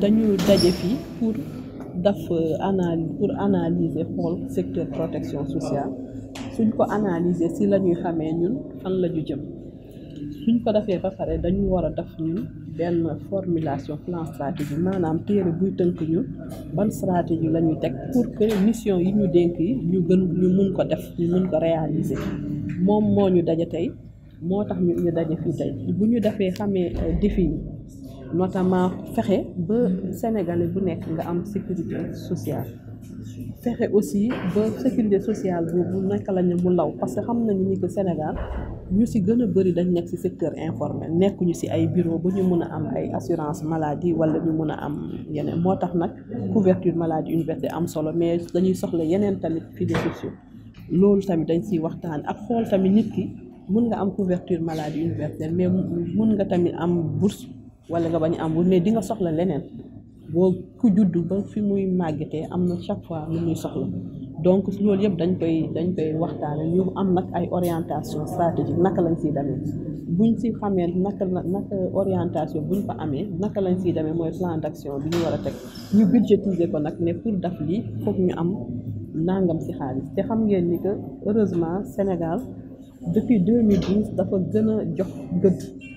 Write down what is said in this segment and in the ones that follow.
dañu daje fii pour daf euh, analyse pour analyser xool secteur protection sociale suñ ko analyser si la ñuy xamee ñun fan la ñu jëm suñ ko defee ba pare dañu war a ñun benn formulation plan stratégie maanaam téere buy tënk ñu ban stratégie la ñuy teg pour que mission yi ñu dénk yi ñu gën ñu mun ko def ñu mun ko réaliser moom moo ñu daje tey moo tax ñu ñu daje fii tey bu ñu defee xamee euh, défi notamment fexe ba sénégalais bu nekk nga am sécurité sociale fexe aussi ba sécurité sociale boobu naka la ñu mu law parce que xam nañu ni que Sénégal ñu si gën a bëri dañ nekk si secteur informel nekkuñu si ay bureau ba ñu mun a am ay assurance maladie wala ñu mun a am yeneen moo tax nag couverture maladie universelle am solo mais dañuy soxla yeneen tamit filets sociaux loolu tamit dañ siy waxtaan ak xool tamit nit ki mun nga am couverture maladie universelle mais mun nga tamit am bourse wala nga bañ amul mais di nga soxla leneen boo ku judd ba fi muy màggatee am chaque fois muy donc loolu yëpp dañ koy dañ koy waxtaane ñu am orientation stratégique si orientation buñ lañ plan d'action bi ñu war pour que lii ñu am nangam si xaalis te xam ngeen ni que heureusement Sénégal depuis 2010, dafa gën jox gëdd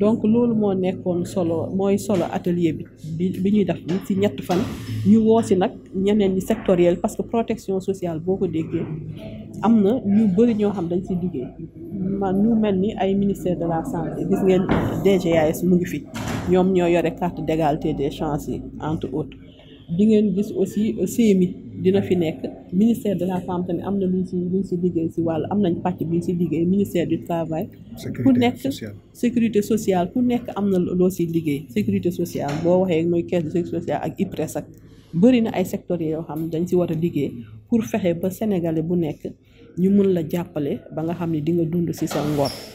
donc loolu moo nekkoon solo mooy solo atelier bi bi ñuy def ci ñett fan ñu woo si nag ñeneen ñi sectoriel parce que protection sociale boo ko déggee am na ñu bëri ñoo xam dañ si liggéey man ñu mel ni ay ministère de la santé gis ngeen DGAS mu ngi fi ñoom ñoo yore carte d'égalité des chances yi entre autres di ngeen gis aussi euh, CMI dina fi nekk ministère de la femme tamit am na luñ si si liggéey si wàllu am nañ pàcc bi ñu si liggéey ministère du travail ku nekk sécurité sociale ku nekk am na loo si liggéey sécurité sociale boo waxee mooy caisse de sécurité sociale ak IPRES ak bëri na ay secteurs yoo xam dañ si war a liggéey pour fexe ba sénégalais bu nekk ñu mun la jàppale ba nga xam ni di nga dund si sa ngor